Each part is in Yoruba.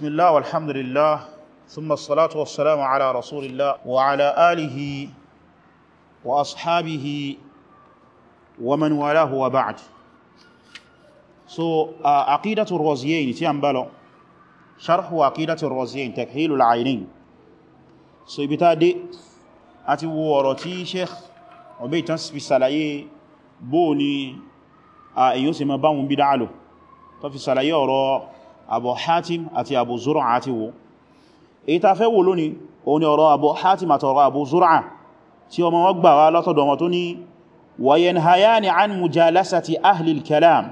بسم الله والحمد لله ثم الصلاة والسلام على رسول الله وعلى آله وأصحابه ومن والاه وبعد so uh, عقيدة الرزيين تيامبالو شرح عقيدة الرزيين تكهيل العينين so بتا دي أتي ọ̀rọ̀ شيخ وبيت obe tan fi ṣàlàyé bó ni èyàn ṣe ma báwọn bídá lò abu hatim àti abu zura àti wo èyí ta fẹ́ wò lónìí o ni ọ̀rọ̀ abu hatim àti ọ̀rọ̀ abu zura tí ọmọ wọ́n gbà wá látọ̀dọ̀ wọn tó ní wayanhayani an mujalasati ahli al-kalam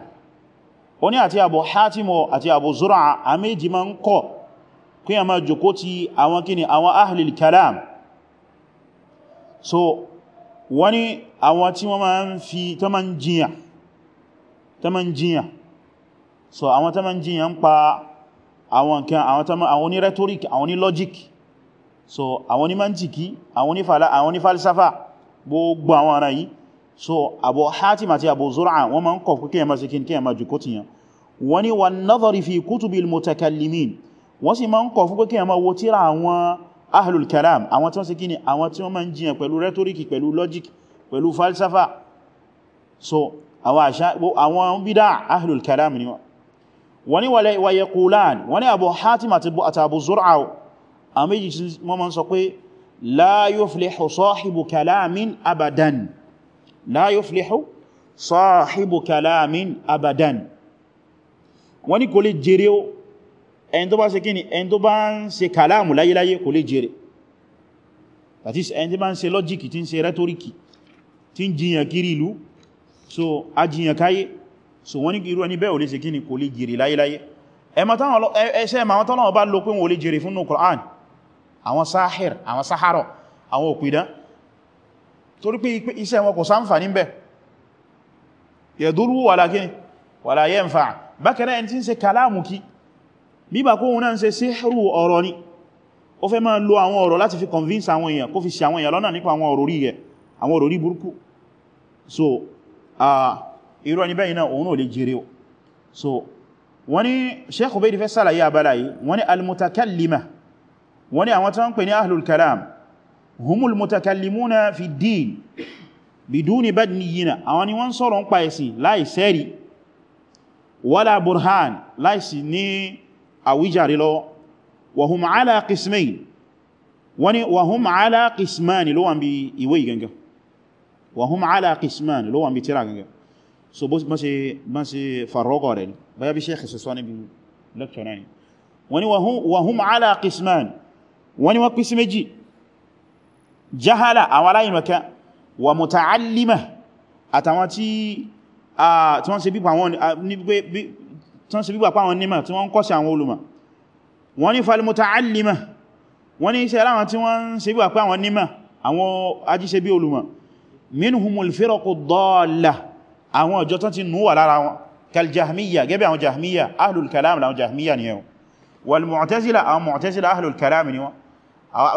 o ní àti abu hatim àti abu zura a méjì ma ń kọ̀ kí a máa jòkó ti àwọn kíni àwọn ahli kalam so wani àwọn tí wọ́n ma ń fi tó ma ń jiyàn so àwọn tó ma ń jiyàn pa àwọn nǹkan àwọn tó àwọn ní rhetoric àwọn ní logic so àwọn ní mantiki àwọn ní fala àwọn ní falsafa gbogbo àwọn ara yìí so Abu Hatim àti Abu Zur'a wọ́n ma ń kọ̀ kíkẹ́ ma sikin kí ma jùkó tiyan wọ́n ni wan nadhari fi kutubil mutakallimin wọ́n sì ma ń kọ̀ fún kíkẹ́ wo tíra àwọn ahlul kalam àwọn tí wọ́n sikin àwọn tí wọ́n ma ń jiyàn pẹ̀lú rhetoric pẹ̀lú logic pẹ̀lú falsafa so àwọn àwọn bídá ahlul kalam ni wọ́n wọ́n ní wa yaqulan wọ́n ní Abu Hatim àti Abu Zur'a àwọn méjì tí wọ́n máa ń sọ pé la yuflihu sahibu kalamin abadan la yuflihu sahibu kalamin abadan wọ́n ní kò lè jèrè o ẹni tó bá ṣe kíni ẹni tó bá ń ṣe kàláàmù láyéláyé kò lè that is ẹni tí bá ń ṣe lọ́jíkì tí ń ṣe rẹ́tọ́ríkì tí ń jiyàn kiri ìlú so ajiyàn káyé so wọ́n ní irú ẹni bẹ́ẹ̀ ò lè ṣe kíni kò lè jèrè láyéláyé ẹsẹ́ ma wọ́n tọ́lọ́wọ́ bá lò pé wọ́n lè jèrè fún Qur'an àwọn sáhìr àwọn sáhárọ̀ àwọn òpìdán torí pé iṣẹ́ wọn kò sáǹfà níbẹ̀ yẹ̀dúrú wà lákíní wà láyé ń fa bákẹ̀rẹ́ ẹni tí ń ṣe kàláàmù kí bíbà kó wọn náà ń ṣe síhìrù ni ó fẹ́ máa lo àwọn ọ̀rọ̀ láti fi convince àwọn èèyàn kó fi ṣe àwọn èèyàn lọ́nà nípa àwọn ọ̀rọ̀ orí burúkú so uh, irú ẹni bẹ́yìn náà òun ò lè jèrè o so wọ́n ni Sheikh Ubaydi fẹ́ sàlàyé abala yìí wọ́n ni al-mutakallima wọ́n ni àwọn tán pè ní ahlul kalam humul mutakallimuna fi din biduni badniyina àwọn ni wọ́n sọ̀rọ̀ ń pa ẹ̀sìn láì sẹ́rì wala burhan láì sí ní àwíjàre lọ wahum ala qismayn wọ́n ni wahum ala qismani ló wà ń bi gangan so bó ma ṣe farọ́gọ̀ rẹ̀ báyá bí sheikh sọ níbi lecture náà wọ́n ni wa hum ala qisman wọ́n ni wọ́n pín sí méjì jahala àwọn aláìmọ̀ká wa muta'allima àtàwọn tí wọ́n ṣe bípa àwọn nímọ̀ tí wọ́n kọ́sí àwọn olùmọ̀ wọ́n ni fal muta'allima wọ́n ni iṣẹ́ aláwọn tí wọ́n ṣe bípa àwọn nímọ̀ àwọn ajíṣẹ́ bí olùmọ̀ minhumul firaqud dallah àwọn ọjọ́ tán ti nù wà lára wọn kaljahmiya gẹ́bẹ̀ àwọn jahmiya ahlul kalam láwọn jahmiya ni yau wal mu'tazila àwọn mu'tazila ahlul kalam ni wọn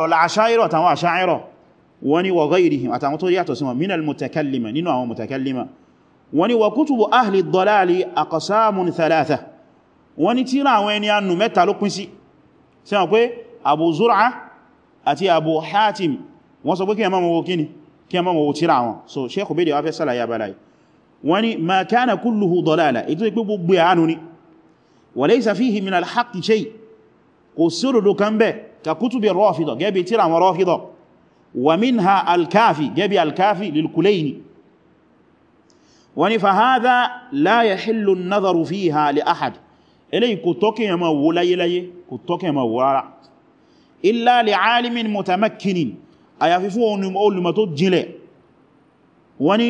wal asha'ira àtàwọn asha'ira wani wa ghairihim àtàwọn tó yàtọ̀ sí wọn minal mutakallima nínú àwọn mutakallima wani wa kutubu ahli dalali aqsamun thalatha wani tírà àwọn ẹni annu mẹ́ta ló pín sí sí wọn pé abu zur'a àti wọ́n sọ pé kí ẹ máa kí ni kí ẹ máa mọ̀ wọn so sheikh obedi wa fẹ́ sálàyà balayi wọ́n ni ma kana kulluhu dalala ètò ìpé gbogbo àánú ni wa laysa fihi min al-haqqi shay kò sí òdòdó kan bẹ́ ka kutubi rọ́fidọ̀ gẹ́bí tíra wọn rọ́fidọ̀ wa minha al-kafi gẹ́bí al-kafi lil-kulayni wọ́n ni fa hadha la yahillu an-nadharu fiha li ahad eléyìí kò tọ́kì yẹn máa wó láyéláyé kò tọ́kì yẹn illa li alimin mutamakkinin àyàfi fún olùmọ̀ tó jinlẹ̀ wọ́n ni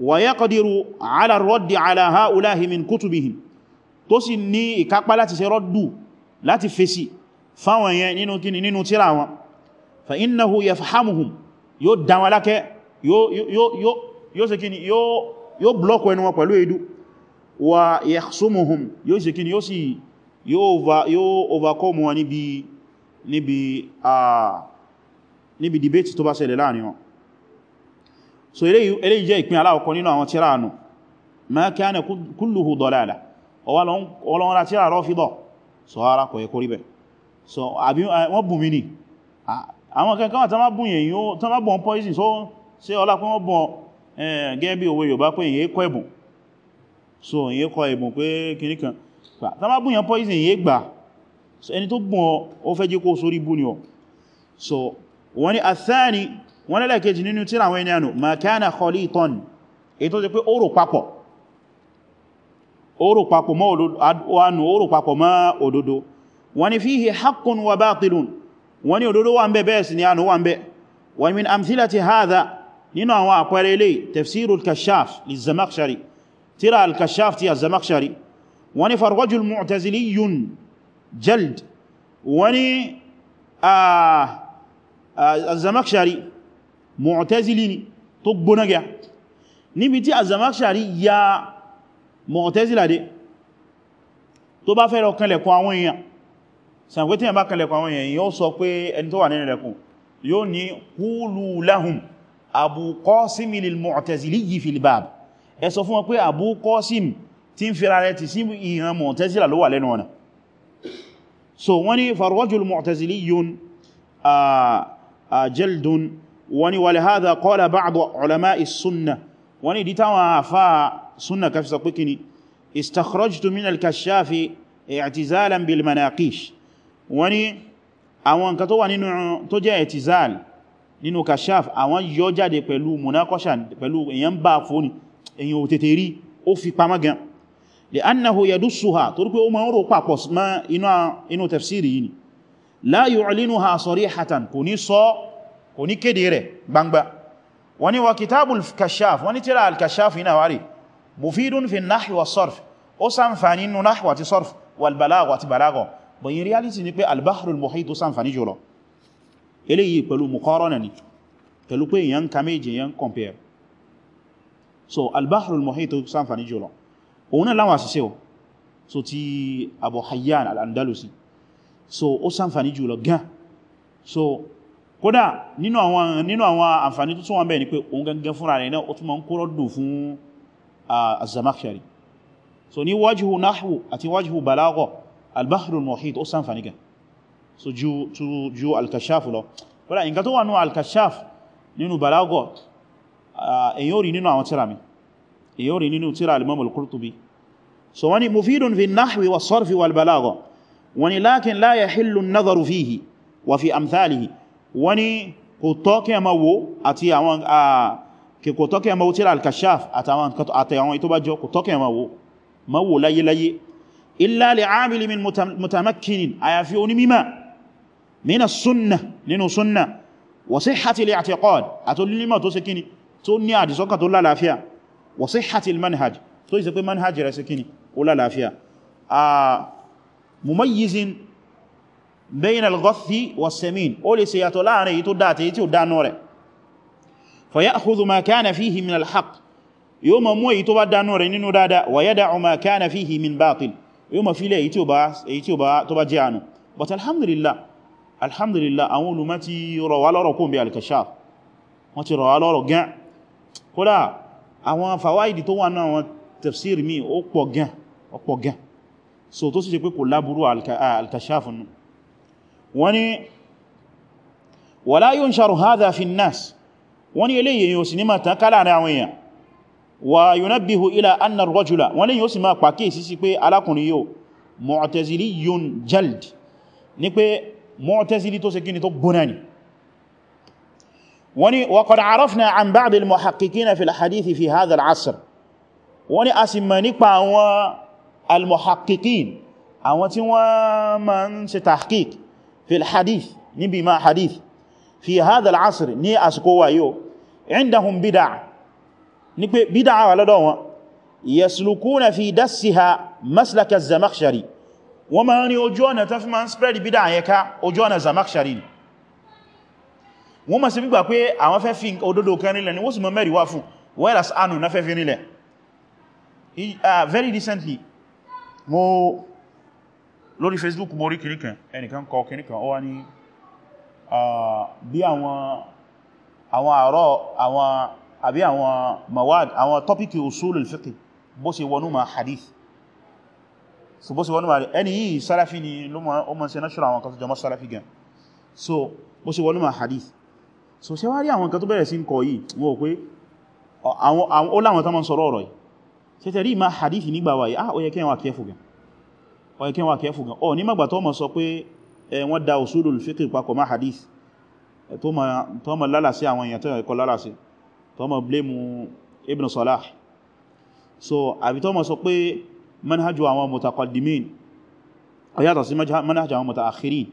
ويقدر على الرد على هؤلاء من كتبهم tó sì ní ìkápá láti ṣe rọ́dù láti fèsì fáwọn yẹn nínú kíni nínú tírà wọn fa innahu yafhamuhum yóò dáwalákẹ́ yóò ṣe kíni yóò blọ́kù ẹnu wọn pẹ̀lú èdú wa yakhsumuhum yóò ṣe kíni yóò sì yóò overcome wọn níbi ah, níbi debate tó bá ṣẹlẹ̀ láàrin wọn so eléyìí jẹ́ ìpín aláwọ̀kọ́ nínú àwọn tíra nù ma kana kulluhu dalala ọwọ́n ra tíra Rafida so ara kọ̀ ẹ̀kọ́ rí bẹ̀ so àbí wọ́n bù mí ní àwọn kankan tán má bùn yẹn yóò tán má bùn poison so ṣe ọlá pé wọ́n bùn gẹ́bí òwe Yorùbá pé èyí kọ ẹ̀bùn so èyí kọ ẹ̀bùn pé kìní kan tán má bùn yẹn poison èyí gbà ẹni tó bùn ọ fẹ́ jẹ́ kó sórí bú ni ọ so wọ́n ni athani wọ́n lẹ́lẹ́kejì nínú tíra àwọn ẹni ànù ma kana khalitan èyí tó ti pé oòrò papọ̀ oòrò papọ̀ mọ́ òdodo oòrò papọ̀ mọ́ òdodo wọ́n ni fihi haqqun wa batilun wọ́n ni òdodo wà ń bẹ bẹ́ẹ̀ sì ni ànù wà ń bẹ wọ́n min amthilati hadha nínú àwọn àpẹẹrẹ ilé tafsiru mu'tazili ni tó gbóná gẹ́ níbi tí az-Zamakhshari ya mu'tazila dé tó bá fẹ́ lọ kanlẹ̀kùn àwọn èèyàn sàmgbé tí yàn bá kanlẹ̀kùn àwọn èèyàn yóò sọ pé ẹni tó wà nínú rẹ̀kùn yóò ní qulu lahum Abu Qasim lil-mu'tazili fil bab ẹ sọ fún wọn pé Abu Qasim tí ń fira rẹ̀ ti sí ìran mu'tazila ló wà lẹ́nu ọ̀nà so wọ́n ni farwajul mu'tazili yun a wọ́n ni walihadha qala ba'du ulama'i sunna wọ́n ni dítáwọn àfá sunna káfí sọ pé kíni istakhrajtu min al-kashafi i'tizalan bil manaqish wọ́n ni àwọn nǹkan tó wà nínú tó jẹ́ i'tizal nínú kashaf àwọn yọ jáde pẹ̀lú munakosha pẹ̀lú èyàn bá fóní èyàn òtètè rí ó fi pamọ́ gan li'annahu yadussuha torí pé ó ma ń rò papọ̀ mọ́ inú tafsiri yìí la yu'linuha sarihatan kò ní kò ní kéde rẹ̀ gbangba wọ́n ní wa kitabul kashaf wọ́n ní tírà al-kashaf yana wari mufidun fi nahwi wa sarf ó ṣàǹfààní nínú nahwi àti sarf wal balagha àti balagha but in reality ni pé al-bahrul muhit jùlọ so al-bahrul muhit ó ṣàǹfààní jùlọ òun náà láwọn àṣìṣe o so so ó ṣàǹfààní jùlọ gan so kódà nínú àwọn nínú àwọn àǹfààní tó tún wọ́n bẹ́ẹ̀ ni pé òun gangan fúnra rẹ̀ náà ó tún ma ń kúrò dùn fún az so ní wajhu nahwu àti wajhu balagha al-bahrul muhit ó sàǹfààní gan so ju ju al-kashaf lọ kódà nǹkan tó wà nínú al-kashaf nínú balagha èyí ò rí nínú àwọn tíra mi èyí so wani mufidun fi nahwi wa sarfi wal balagha wani lakin la yahillu an-nadharu wọ́n ní kò tọ́ kí a máa wo àti àwọn kò tọ́ kí a máa wo tíra al-kashaf àtàwọn ìtọ́bájọ́ kò tọ́ kí a máa wo ma wo láyéláyé illa li'amili min mutamakkinin àyàfi onímímà mina sunna nínú sunna wa sihhati al-i'tiqad àti onímọ̀ tó ṣe kíni tó ní àdìsọ́kà tó lálàáfíà wa bayna al-ghathi was-samin ó lè ṣe yàtọ̀ láàrin èyí tó dá àti èyí tí ó dánú rẹ̀ fa ya'khudhu ma kana fihi min al-haqq yóò ma mú èyí tó bá dánú rẹ̀ nínú dáadáa wa yada'u ma kana fihi min batil yóò ma fílẹ̀ èyí tí ó bá jẹ́ ànú but alhamdulillah alhamdulillah àwọn olùmọ́ ti rọ̀ wá lọ́rọ̀ kún bí al-kashaf wọ́n ti rọ̀ wá lọ́rọ̀ gan kódà àwọn fàwáìdì tó wà náà wọn tafsir mi ó pọ̀ gan so tó sì ṣe pé kò láburú al-kashaf nù wọ́n ni wala yunsharu hadha fi nnas wọ́n ni eléyìí yóò sì ní máa tàn kálà rẹ̀ àwọn èèyàn wa yunabbihu ila anna ar-rajula wọ́n lè yóò sì máa pàkíyèsí sí pé alákùnrin yóò mu'taziliyyun jald ní pé mu'tazili tó ṣe kíni tó gbóná ni wọ́n ni wa an ba'd al-muhaqqiqina fi al-hadithi fi hadha al-asr a sì mọ̀ nípa àwọn al-muhaqqiqin àwọn tí wọ́n máa ń ṣe tahqiq fil hadith níbi ma hadith fi hadha al'asr ní àsìkò wa yóò indahum bid'a ní pé bid'a wà lọ́dọ̀ wọn yaslukuna fi dassiha maslaka az-zamakhshari wọ́n ma ní ojú ọ̀nà tó fi ma ń spread bid'a yẹ ká ojú ọ̀nà zamakhshari ni wọ́n ma ṣe bí gbà pé àwọn fẹ́ fi òdodo kan nílẹ̀ ni wọ́n sì mọ́ mẹ́rin wá fún whereas anu na fẹ́ fi nílẹ̀ very recently mo lórí facebook borí kìníkan ẹnìkan kọ kìníkan ó wá ní bí àwọn àwọn àárọ̀ àwọn àbí àwọn mawad àwọn tọ́píkì usulul fiqh bó ṣe wọnú ma hadith so bó ṣe wọnú ma ẹni yìí sáráfí ni ó mọ́ sí náṣọ́rọ̀ àwọn kan tó jọmọ́ sáráfí gan so bó ṣe wọnú ma hadith so ṣe wá rí àwọn kan tó bẹ̀rẹ̀ sí ń kọ yìí wọ́n pé ó láwọn tó mọ́ sọ̀rọ̀ ọ̀rọ̀ yìí ṣe tẹ̀rí ma hadith nígbà wáyé ah ó yẹ kí wọ́n kẹfù gan wọ́n kí wọ́n kẹfù gan ọ̀ ní mọ̀gbà tó mọ̀ sọ pé wọ́n da usulul fiqh papọ̀ má hadith tó mọ̀ lálàsí àwọn èèyàn tó ẹ̀kọ́ lálàsí tó mọ̀ blame Ibn Salah so àbí tó mọ̀ sọ pé manhajú àwọn mutaqaddimin ó yàtọ̀ sí manhajú àwọn mutaakhirin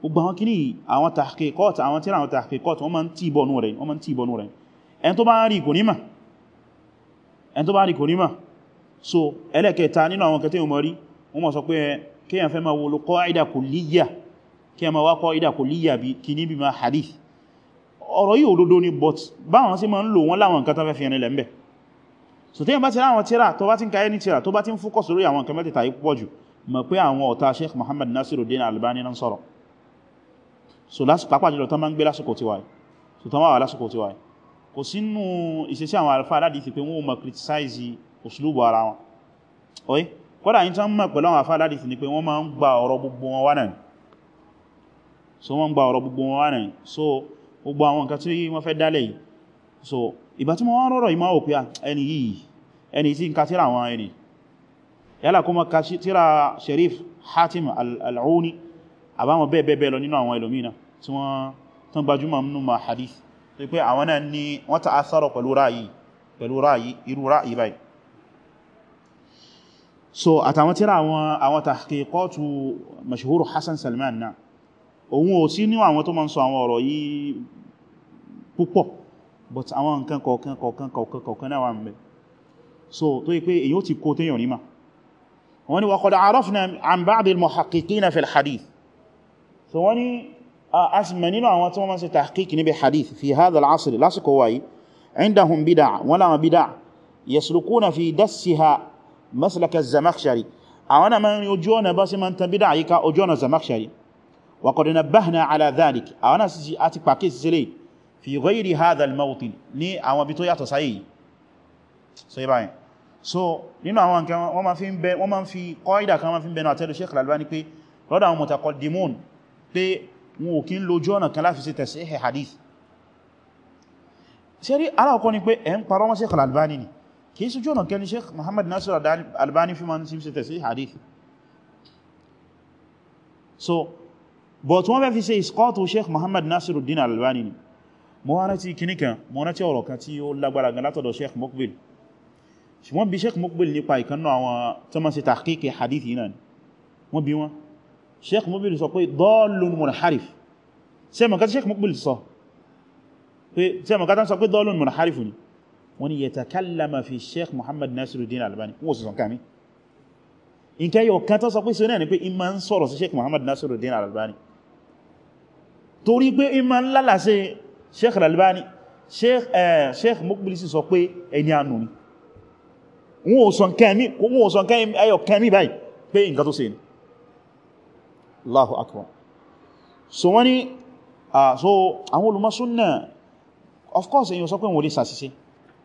gbogbo àwọn kìíní àwọn tahqiqat àwọn tíra àwọn tahqiqat wọ́n ma ń tí ìbọnú rẹ̀ wọ́n ma so ẹlẹ́kẹta nínú àwọn kẹtẹ́ ìmọ̀ wọ́n ma sọ pé kíyàn fẹ́ ma wo lo qaida kulliya kíyàn ma wá qaida kulliya bí kìní bí ma hadith ọ̀rọ̀ yìí òdodo ni but báwọn sí ma ń lò wọ́n láwọn nǹkan tó fẹ́ fi ẹni lẹ́m̀bẹ̀ so tí yàn bá ti ráwọn tíra tó bá ti ń ka ẹni tíra tó bá ti ń fúkọ̀ sórí àwọn nǹkan mẹ́tẹ̀ta yìí pọ̀ jù mọ̀ pé àwọn ọ̀tá Sheikh Muhammad Nasiruddin Albani náà sọ̀rọ̀ so pàápàá jùlọ tán máa ń gbé lásìkò tí wáyé so tán wà lásìkò tí wáyé kò sínú ìṣesí àwọn alfa aládìí ti pé wọ́n mọ̀ criticize òṣìlúbọ̀ ara wọn oye okay? kódà yí tán mọ̀ pẹ̀lú àwọn àfáà láti ní pé wọ́n máa ń gba ọ̀rọ̀ gbogbo wọn wá náà so wọ́n gba ọ̀rọ̀ gbogbo wọn wá náà so gbogbo àwọn nǹkan tí wọ́n fẹ́ dálẹ̀ yìí so ìgbà tí wọ́n rọ̀rọ̀ ìmọ̀ òpí ah, ẹni yìí ẹni tí ń ka tíra àwọn ẹni yálà kó mọ́ ka tíra Sharif Hatim al-Auni bẹ́ẹ̀ bẹ́ẹ̀ lọ nínú àwọn ẹlòmínà tí wọ́n so àtàwọn tíra àwọn àwọn tahqiqatu mashhuru Hassan Salman náà òun ò sí níwọ̀n àwọn tó ma ń sọ àwọn ọ̀rọ̀ yìí púpọ̀ but àwọn nǹkan kọ̀ọ̀kan kọ̀ọ̀kan kọ̀ọ̀kan kọ̀ọ̀kan náà wà ń so tó yí pé èyí ó ti kó téèyàn níma wọ́n ni wa qad arafna an ba'd al-muhaqqiqina fi al-hadith so wọ́n ni a sì mẹ́ nínú àwọn tí wọ́n máa ṣe tahqiq níbi hadith fi hadha al-asr lásìkò wáyé maslaka az-Zamakhshari àwọn náà máa ń rin ojú ọ̀nà bá sí máa ń tan bídá àyíká ojú ọ̀nà Zamakhshari wa qad nabbahna ala dhalik àwọn náà sì àti pàkíyèsí sílẹ̀ fi ghayri hadha al ní àwọn ibi tó yàtọ̀ sáyé so yíba yìí so nínú àwọn nǹkan wọ́n máa fi ń bẹ wọ́n máa fi qaida kan máa fi ń bẹ náà tẹ́lú Sheikh Al-Albani pé lọ́dọ̀ àwọn mutaqaddimun pé wọn ò kí ń lójú ọ̀nà kan láfi sí tẹ̀sí hadith ṣe rí alákọ̀ọ́ ni pé ẹ̀ ń parọ́ mọ́ Sheikh Al-Albani ni kìí sí jọ́nà kẹni sheikh Muhammad Nasir Albani fi ma ń sim sẹ́tẹ̀ hadith so but wọ́n bẹ́ fi ṣe ìskọ́tù sheikh Muhammad Nasiruddin Albani ni mo wá rántí kìníkan mo rántí ọ̀rọ̀ kan tí ó lágbára gan látọ̀dọ̀ sheikh Muqbil ṣùgbọ́n bí sheikh Muqbil nípa ìkanná àwọn tó ma ṣe tàkíkì hadith yìí náà wọ́n bí wọ́n sheikh Muqbil sọ pé dọ́ọ̀lùn munharif sẹ́mọ̀ká sheikh ni wọ́n ni yatakallama fi sheikh muhammad nasiruddin albani wọ́n sì sọ̀kà mi nǹkan yóò kan tó sọ pé sọ́nà ni pé in ma ń sọ̀rọ̀ sí sheikh muhammad nasiruddin albani torí pé in ma ń lálàsẹ́ sheikh albani sheikh mokbilisi sọ pé ẹni ànú ni wọ́n ò sọ̀kà báyìí pé nǹkan tó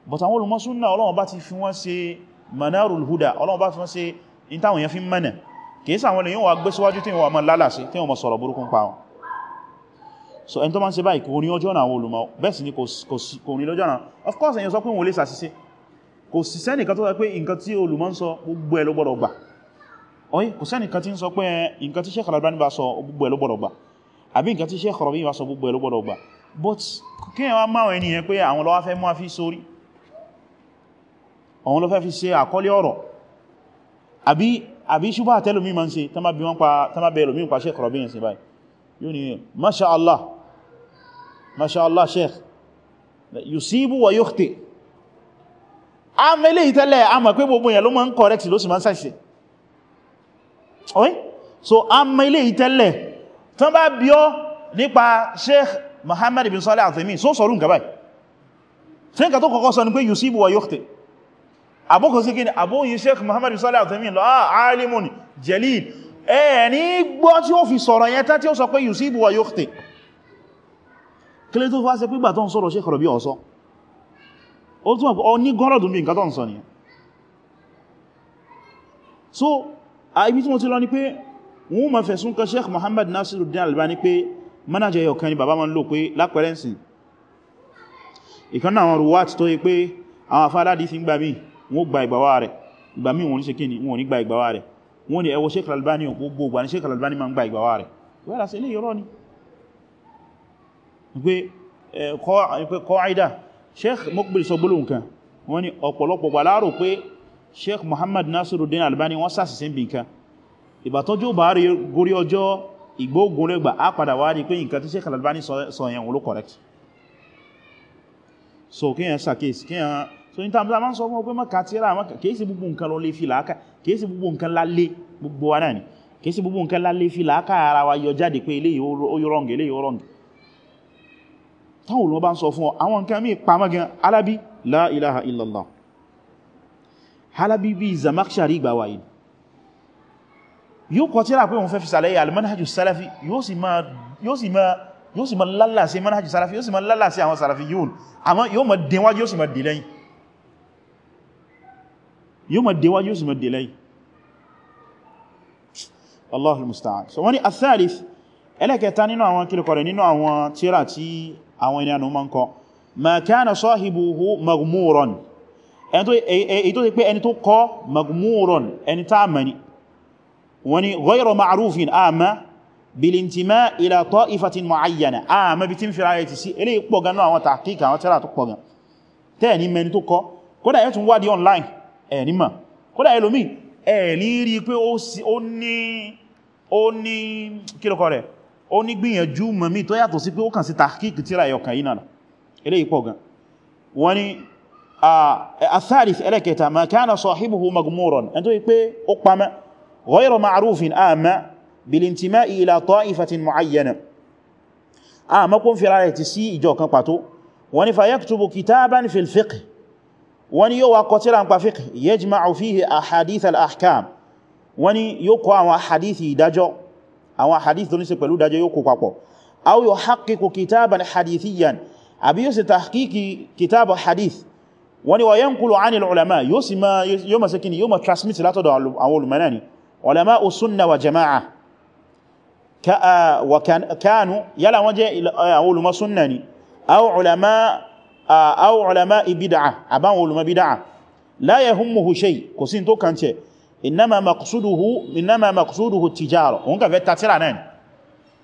but àwọn olùmọ́súnnà Ọlọ́run bá ti fi wọ́n ṣe manarul huda Ọlọ́run bá fi wọ́n ṣe in táwọn èèyàn fi ń mẹ́nà kìísà àwọn èèyàn wà gbé síwájú tí wọ́n mọ́ lálàsí tí wọ́n mọ́ sọ̀rọ̀ burúkú pa wọn so ẹni tó máa ń ṣe báyìí kò ní ọjọ́ àwọn olùmọ̀ bẹ́ẹ̀ sì ni kò ní of course èèyàn sọ pé wọ́n lè sàṣìṣe kò sì sẹ́nìkan tó sọ pé nǹkan tí olùmọ̀ ń sọ gbogbo ẹ̀ ló gbọ́dọ̀ gbà oye kò sẹ́nìkan tí ń sọ pé eh, but kéèyàn wá máwọn ẹni yẹn pé àwọn ló àwọn ló fẹ́ fi ṣe àkọlé ọ̀rọ̀ àbí àbí ṣubá tẹ́lòmí ma ń ṣe tánbà bẹ ẹlòmí pa Sheikh Rabi' sí báyìí yóò ní masha Allah masha Allah Sheikh yusibu wa yukhti a mẹ́lẹ̀ ìtẹ́lẹ̀ a mọ̀ pé gbogbo yẹn so a mẹ́lẹ̀ ìtẹ́lẹ̀ tánbà bí ọ nípa Sheikh Muhammad bin Salih Al-Uthaymeen so sọ̀rọ̀ nǹkan báyìí ṣe tó kọ́kọ́ sọ ni pé yusibu wa yukhti àbókò sí kí ni àbóyìn sheikh muhammadu sallallahu alaihi wasallam lọ ah, alimun jalil ẹni gbọ́ tí ó fi sọ̀rọ̀ yẹn tán tí ó sọ pé yusibu wa yukhti kílé tó fásẹ pígbà tó ń sọ̀rọ̀ sheikh rọ̀bí ọ̀sọ́ ó tún ọ̀pọ̀ so ibi tí mo ti lọ ni pé wọ́n ma fẹ̀sùn kan sheikh muhammad nasiruddin albani pé manager yọ̀ kan ni bàbá ma ń lò pé lápẹrẹnsì ìkan náà àwọn ruwat tó yí pé àwọn afárádìí fi ń gbà míì wọ́n gba ìgbàwà rẹ̀ ìgbà míì wọ́n ní ṣe kíni wọ́n ní gba ìgbàwà rẹ̀ wọ́n ní ẹwọ Sheikh Al-Albani gbogbo ìgbà ní Sheikh Al-Albani ma ń gba ìgbàwà rẹ̀ wẹ́rà sí ilé ìrọ́ ni pé kọ́ìdá Sheikh Muqbil Sheikh Muhammad Nasiruddin Albani wọ́n sàṣìṣẹ́ bí nǹkan ìbàtọ́jú bá rí gorí ọjọ́ ìgbógun rẹ̀gbà á padà wá rí pé nǹkan tí Sheikh Al-Albani sọ so kíyàn sàkíyàn so ní tàbí ma ń sọ fún ọgbẹ́ mọ́ka tí ra mọ́ka kìí sí gbogbo nǹkan lọ lè fi làákà kìí sí gbogbo nǹkan lálé gbogbo wa náà ni kìí sí gbogbo nǹkan lálé fi làákà ara wa yọ jáde pé eléyìí ó wrong eléyìí ó wrong táwọn olùmọ́ bá ń sọ fún ọ àwọn nǹkan mí pàmọ́ gan alábí la ilaha illallah alábí bí zamakshari gbà wáyé yóò kọ tí ra pé òun fẹ́ yóò sì máa yóò sì máa yóò yóò àwọn yóò àmọ́ dínwájú yóò sì máa dì yóò mọ̀ déwá yóò sì mọ̀ dé lẹ́yìn Allahul musta'an so wọ́n ni athalith ẹlẹ́kẹta nínú àwọn kílùkọ̀rẹ̀ nínú àwọn tíra tí àwọn ènìyàn ma ń kọ ma kana sahibuhu maghmuran èyí tó ti pé ẹni tó kọ maghmuran ẹni tá mẹ́ni wọ́n ni ghayra ma'rufin àmà bilintima ila ta'ifatin mu'ayyana àmà bí tí ń fi ilé pọ̀ gan àwọn tàkíkà àwọn tíra tó pọ̀ gan tẹ́ẹ̀ ni mẹ́ni tó kọ kódà yóò tún wádìí online ẹ̀rí mà kódà ẹlòmí ẹ̀rí rí pé ó ní ó ní kílùkọ rẹ̀ ó ní gbìyànjú mọ̀mí tó yàtọ̀ sí pé ó kàn sí tahqiq tíra ẹ̀yọkàn yìí náà eléyìí pọ̀ gan wọ́n ni athalith ẹlẹ́kẹta ma kana sahibuhu maghmuran ẹn tó yí pé ó pamẹ́ ghayra ma'rufin àmà bilintima'i ila ta'ifatin mu'ayyana àmà kún fìrà rẹ̀ ti wọ́n ni yóò wá kọ tíra ń pa jí máa fi ahadith al-ahkam wọ́n ni yóò kọ àwọn ahadith ìdájọ́ àwọn ahadith tó ní sí pẹ̀lú ìdájọ́ yóò kó papọ̀ aw yuhaqqiqu kitaban hadithiyan àbí yóò ṣe tahqiqi wa yanqulu 'ani al-ulama yóò sì ma yóò ma sẹ́kini yóò ma transmit látọ̀dọ̀ àwọn olùmọ̀nà ni ulama sunna wa jama'a kanu yálà wọ́n jẹ́ àwọn olùmọ̀ sunna ni aw ulama aw ulama'i bid'ah àbáwọn olùmọ̀ bid'ah la yahummuhu shay kò sí tó kàn tẹ́ innama maqsuduhu innama maqsuduhu tijara òun kà fẹ́ tàtírà náà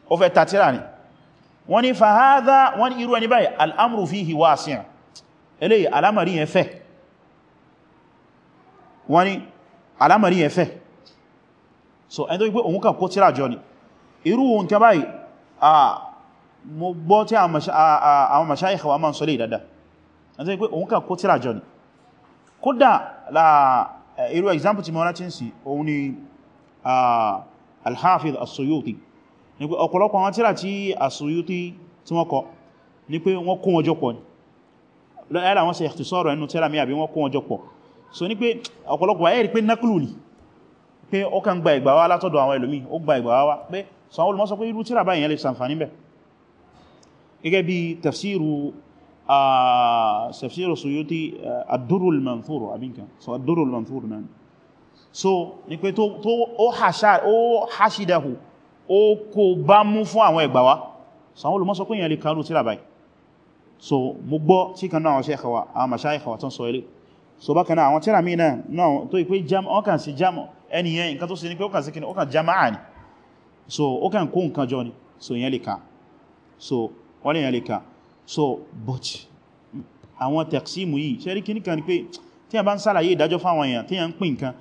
ó fẹ́ tàtírà ni wọ́n ni fahadha wọ́n irú ẹni báyìí al'amru fihi wasi'a eléyìí alamari so ẹni tó wípé òun kà kó tírà jọ báyìí mo gbọ́ tí àwọn mashayikh wa máa ń sọ lè dada àti pé òun kàn kó tíra jọ ni kódà irú example tí mọ́ra tí ń sì òun ni al-Hafiz as-Suyuti ni pé ọ̀pọ̀lọpọ̀ àwọn tíra tí as-Suyuti tí wọ́n kọ ni pé wọ́n kó wọn jọpọ̀ lọ́yẹ́lá wọ́n ṣe so ní pé ọ̀pọ̀lọpọ̀ ayẹ́rí pé náklù ni pé ó kàn gba ìgbà wá látọ̀dọ̀ àwọn ẹlòmí ó gba ìgbà wá pé sọ àwọn olùmọ́sọ pé gẹ́gẹ́ bí tafsiru tafsiru Suyuti ad-Durrul Manthur abinkan so ad-Durrul Manthur náà so ní pé tó ó hashidahu ó kò bá mú fún àwọn ẹgbà wá sàwọn olùmọ́sọ pé èyàn lè kàrù tíra báyìí so mo gbọ́ tí kan náà ṣe ẹ̀kọ̀wà àwọn màṣá ẹ̀kọ̀wà tán sọ ilé so bákan náà àwọn tíra mìíràn náà tó ìpé ọkàn sí jama ẹniyàn nǹkan tó sì ní pé ọkàn sí kí ni ọkàn jama'a ni so ọkàn kó nǹkan jọ ni so èyàn lè ka so wọ́n lè yàn so but àwọn tẹ̀ksímù yìí ṣẹ́rí kí nìkan ni pé tí a bá ń sàlàyé ìdájọ́ fáwọn èèyàn tí a ń pín nǹkan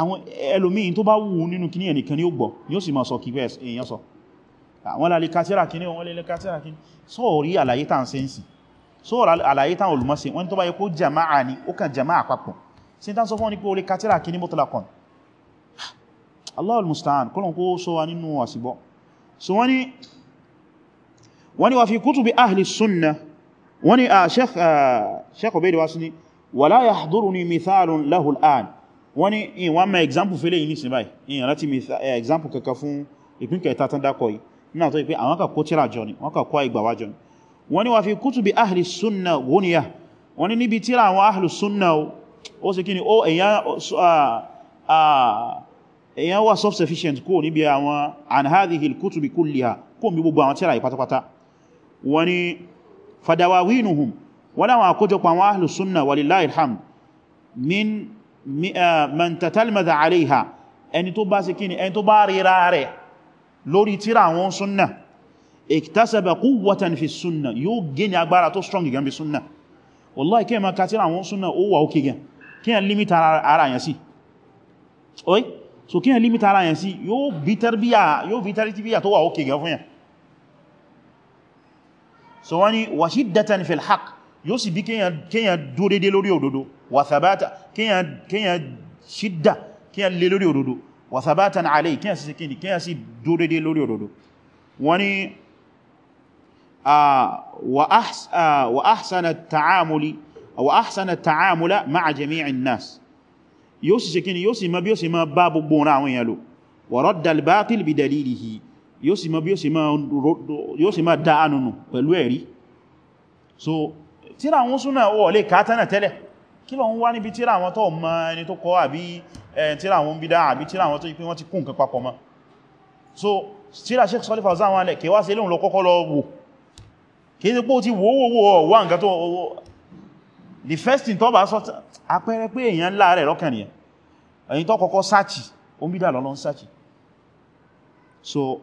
àwọn ẹlòmíyàn tó bá wù nínú kí ní ẹnìkan ni ó gbọ́ yóò sì máa sọ kí bẹ́ẹ̀ èèyàn sọ àwọn lálẹ́ kátírà kí ní wọ́n lẹ́lẹ́ kátírà kí sọ́ọ̀rí àlàyé tàn sẹ́ǹsì sọ́ọ̀rí àlàyé tàn olùmọ́sí wọ́n tó bá yẹ kó jama'a ni ó kàn jama'a so wọ́n wọ́n ní wà fi kutubi ahli sunna wọ́n ní a ah, Sheikh Ubayd wá sí ní wala yahduruni mithalun lahu al-an wọ́n ní in wọ́n mẹ́ example fẹ́lẹ̀ yìí nísìn báyìí in láti eh, example kankan fún ìpín kẹta tán dákọ̀ yìí náà tó yí pé àwọn kà kó tíra jọ ni wọ́n kà kó ìgbàwà jọ ni wọ́n ní wà fi kutubi ahli sunna gúnìyà wọ́n ní níbi tíra àwọn ahli sunna ó sì kíni ó èyàn ah, ah, wà self-sufficient kó níbi àwọn an hadhihi al-kutubi kulliha kó mi gbogbo àwọn tíra yìí pátápátá wọ́n ni fadawawinuhum wọ́n láwọn àkójọpọ̀ àwọn ahlus sunna walillahi alhamd min eh, man tatalmadha alaiha ẹni tó bá ṣe kíni ẹni tó bá ríra rẹ̀ lórí tíra àwọn sunna iktasaba quwwatan fi sunna yóò gẹ́ni agbára tó strong gan bí sunna wallahi kí ka tíra àwọn sunna ó wà ókè gan kí ẹ ara yẹn sí oi so kí ẹ ara yẹn sí yóò bí tarbiyya yóò bí tarbiyya gan fún yẹn so wọ́n ni wa shiddatan fil haqq yóò sì bí kíyàn dó dédé lórí òdodo wa thabata kíyàn ṣídà kíyàn lè lórí òdodo wa thabatan alayhi kíyàn sì kíni kíyàn sì dó dédé lórí òdodo wọ́n ni wa ahsana ta'amuli wa ahsana ta'amula ma'a jami'in nas yóò sì kíni yóò sì ma bí yóò sì ma bá gbogbo àwọn èèyàn lò wa radda al-batil bi yóò sì mọ bí yóò sì máa dá anùnù pẹ̀lú ẹ̀rí so tíra àwọn súnà ó lè kátánà tẹ́lẹ̀ kí lọ ń wá níbi tíra àwọn tó mọ ẹni tó kọ́ àbí tíra àwọn bídá àbí tíra àwọn tó yí pé wọ́n ti kún nǹkan papọ̀ mọ́ so tíra Sheikh Saalih Fawzān wọn lẹ̀ kí wá sí ilé òun lọ kọ́kọ́ lọ wò kí ní pó ti wòówòwò wà nǹkan tó the first thing tó bá sọ apẹ́rẹ pé èèyàn ńlá rẹ̀ lọ́kàn nìyẹn ẹ̀yìn tó kọ́kọ́ sáàchì ó ń bídá lọ́lọ́ ń sáàchì so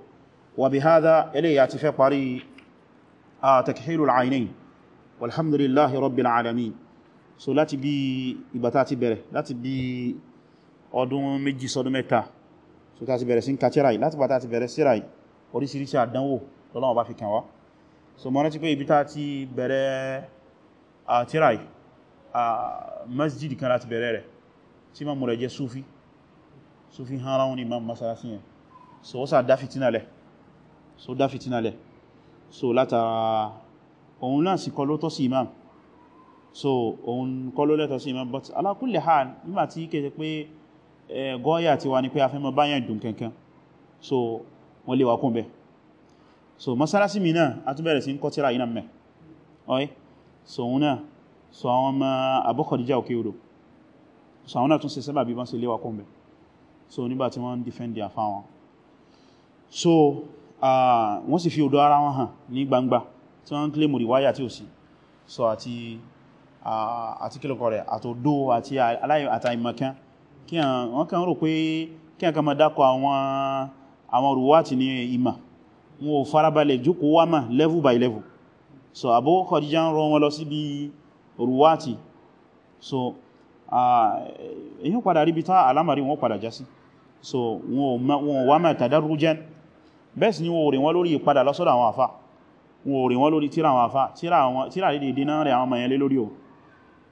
وبهذا إليه أتفى قري تكحيل العينين والحمد لله رب العالمين so láti bí ìgbàtà ti bẹ̀rẹ̀ láti bí ọdún méjì sọdún mẹ́ta so tá ti bẹ̀rẹ̀ sí ń ka tíra yìí láti gbàtà ti bẹ̀rẹ̀ síra yìí oríṣiríṣi àdánwò lọ́lọ́wọ́ bá fi kàn wá so mọ́ rántí pé ibi tá ti bẹ̀rẹ̀ tíra yìí masjid kan láti bẹ̀rẹ̀ rẹ̀ tí so dá fìtínà lẹ̀ so látara òun náà sì kọ́ tọ́ sí imam so òun kọ́ ló sí imam but ala kulli hal nígbà tí kẹsẹ̀ pé gọ́ọ̀yà ti wà ní pé afẹ́mọ́ báyàn dùn kankan so wọ́n lè wà kún bẹ́ so masalasi mi náà a tún bẹ̀rẹ̀ sí ń kọ́ tíra ìnàmẹ́ ọ̀yí so òun náà so àwọn ọmọ abọ́kọ̀díjá òkè odò so àwọn náà tún ṣe sábà bí wọ́n ṣe lè wà kún bẹ́ so nígbà tí wọ́n ń defend their fáwọn so wọ́n sì fi ọ̀dọ̀ ara wọn hàn ní gbangba tí wọ́n ń kílè mú ríwáyà tí ó sí so àti àti kílùkọ̀ rẹ̀ àtòdó àti àtàìmọ̀kán kí wọ́n kàn rò pé kí a kàn máa dákọ̀ àwọn rúwátì ní ìmà wọn ò farabalẹ̀ jókòó wá mà level by level so Abu Khadija ń rọ wọn lọ sí bí rúwátì so èyí padà ríbi tá alámàrí wọn padà já sí so wọn ò wá mà tàdárújẹ́ bẹ́ẹ̀ sì ni wọ́n rí wọn lórí ìpadà lọ́sọ́dọ̀ àwọn àfá wọ́n rí wọn lórí tíra àwọn àfá tíra dédé dé náà rẹ̀ àwọn mọ̀yẹn lé lórí o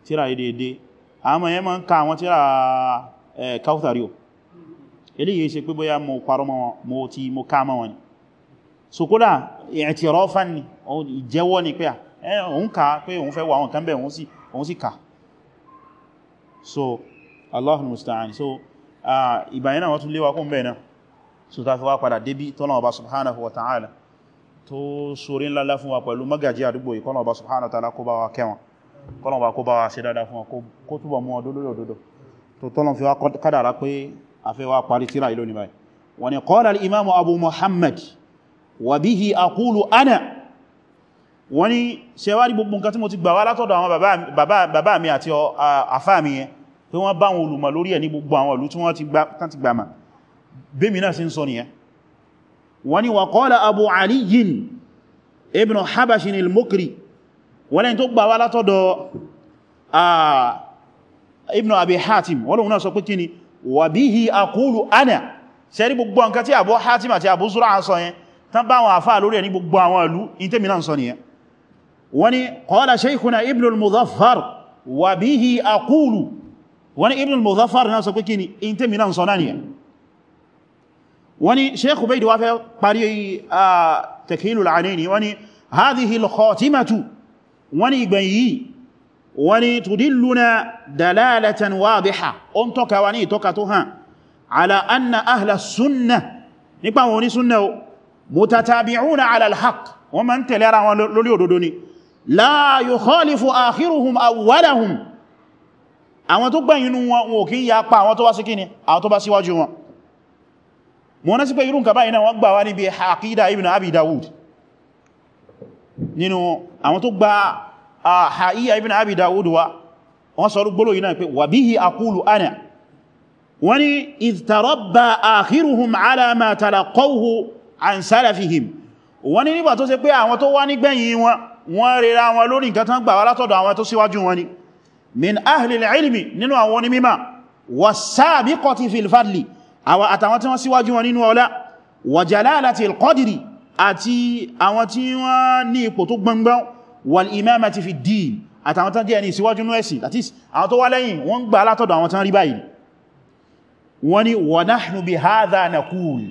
tíra dédé dé àwọn mọ̀yẹn máa ń ka àwọn tíra Kawthari o eléyìí ṣe pé bóyá mo parọ́ mo ti mọ́ wọn ni so kódà i'tirafan ká so Allahul musta'an so ìbàyẹ̀ so ta fi wá padà débí tọ́lọ̀ ọba subhanahu wa ta'ala tó sórí ńlá fún wa pẹ̀lú magají àdúgbò yìí kọ́lọ̀ ọba subhanahu wa ta'ala kó bá wa kẹwọn kọ́lọ̀ ọba kó bá wa ṣe dáadáa fún wa kó túbọ̀ mú ọdún lórí òdodo tó tọ́lọ̀ fi wá kádàrá pé a fẹ́ wá parí tíra ìlú ní báyìí wọ́n ni qala al-imamu abu muhammad wa bihi aqulu ana wọ́n ni ṣe gbogbo nǹkan tí mo ti gbà látọ̀dọ̀ àwọn bàbá mi àti àfáà mi yẹn pé wọ́n bá wọn olùmọ̀ lórí ẹ̀ ní gbogbo àwọn ìlú tí wọ́n ti gbà bẹ́mi náà sí ń sọ nìyẹn wọ́n ni wa qala abu aliyin ibn habashin al-mukri wọ́n lẹ́yìn tó gbà wá látọ́dọ̀ ibn abi hatim wọ́n lóun náà sọ pé kí ni wa bihi aqulu ana sẹ́rí gbogbo nǹkan tí abu hatim àti abu zura sọ yẹn tán bá wọn àfáà lórí ẹni gbogbo àwọn ìlú in tẹ́mi náà sọ nìyẹn wọ́n ni qala shaykhuna ibn al-muzaffar wa bihi aqulu wọ́n ni ibn al-muzaffar náà sọ pé ni in tẹ́mi náà sọ náà nìyẹn wọ́n ni sheikh ubaid wá fẹ́ parí a takilu al'anaini wọ́n ni hadhihi al-khatimatu wọ́n ni ìgbẹ̀yìn yìí wọ́n ni tudilluna dalalatan wadiha o n tọ́ka wa ní ìtọ́ka tó hàn ala anna ahla sunna nípa wọn sunna mutatabi'una ala al-haq ma ń tẹ̀lé ara wọn lórí òdodo ni la yukhalifu akhiruhum awwalahum àwọn tó gbẹ̀yìn wọn wọn kí ya pa àwọn tó wá sí kíni àwọn tó bá síwájú wọn mọ́ náà sí pé irú nǹkan báyìí náà wọ́n gbà wá níbi àkídà ibn abi dawud nínú àwọn tó gba àhàíyà ibn abi dawud wa wọ́n sọ gbólò yìí náà pé wà bihi aqulu ana wọ́n ni ìtàrọ́bà akhiruhum ala ma talaqawhu an salafihim wọ́n ni nígbà tó ṣe pé àwọn tó wá nígbẹ̀yìn àtàwọn tí wọ́n síwájú wọn nínú ọlá wa jalalatil qadri àti àwọn tí wọ́n ní ipò tó gbọmgbọ́n wal imamati fi din àtàwọn tán jẹ́ ní síwájú ní ẹ̀sìn àti àwọn tó wá lẹ́yìn wọ́n gbà látọ̀dọ̀ àwọn tán rí báyìí wọ́n ni wa nahnu bi hadha naqul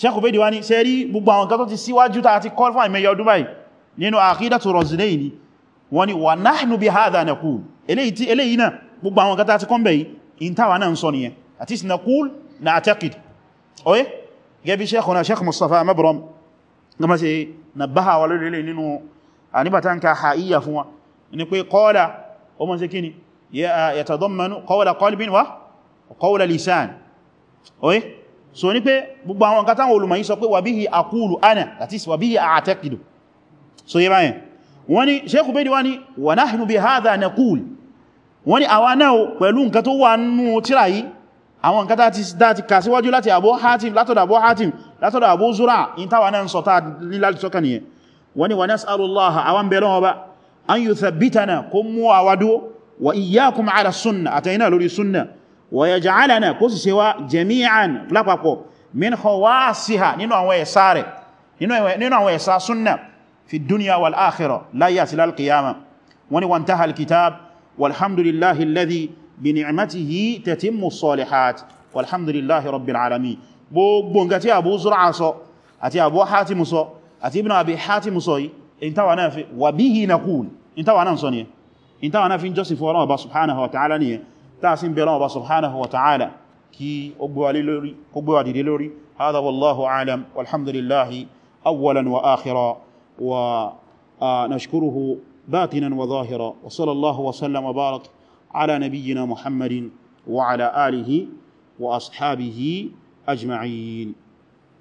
sẹ́kùnfèdè wá ní ṣe rí gbogbo àwọn kan tó ti síwájú wọ́n náà gbogbo àwọn kan tó ti kọ́ at least naqul na'taqid oye gẹ́bí shaykhuna shaykh Mustafa Mabram na ma ṣe nabaha wa lórílẹ̀ nínú àníbàtà ń ka ha'iyya fún wa ni pé qala o ma ṣe kí ni yatadammanu qawla qalbin wa qawla lisan oye so ni pé gbogbo àwọn nǹkan táwọn olùmọ̀ yí sọ pé wa bihi aqulu ana that is wa so yẹ báyẹn wọ́n ni shaykh Ubaydi wá ní wa nahnu bi hadha naqul wọ́n ni àwa náà pẹ̀lú nǹkan tó wà nínú tírà yìí àwọn nǹkan tá ti kà síwájú láti Abu Hatim látọ̀dọ̀ Abu Hatim látọ̀dọ̀ Abu Zura in táwà náà ń sọ táà lílàlì sọ́kà nìyẹn wọ́n ni wa nas'alullaha àwọn bẹ̀rẹ̀ wọn bá an yuthabbitana kó mú àwádó wa iyyakum ala sunna àtẹ̀yìnà lórí sunna wa yaj'alana kó sì ṣe jami'an lápapọ̀ min khawasiha nínú àwọn ẹ̀sà rẹ̀ nínú àwọn ẹ̀sà sunna fi dunya wal akhirah láyé àti lálkìyàmà wọ́n ni wa intaha kitab walhamdulillahi alladhi بنعمته تتم الصالحات والحمد لله رب العالمين gbogbo nǹkan tí Abu Zur'a sọ àti Abu Hatim sọ àti Ibn Abi Hatim sọ yìí in tawa náà fi wa bihi naqul in tawa náà sọ ni in tawa náà fi ń jọ́sìn fún Ọlọ́run Ọba subhanahu wa ta'ala ni táà sí ń bẹ̀rẹ̀ Ọba subhanahu wa ta'ala kí ó gbé wa dìde lórí hadha wallahu a'lam walhamdulillahi awwalan wa akhira wa nashkuruhu batinan wa zahira wa sallallahu wa sallam wa barak على نبينا محمد وعلى آله وأصحابه أجمعين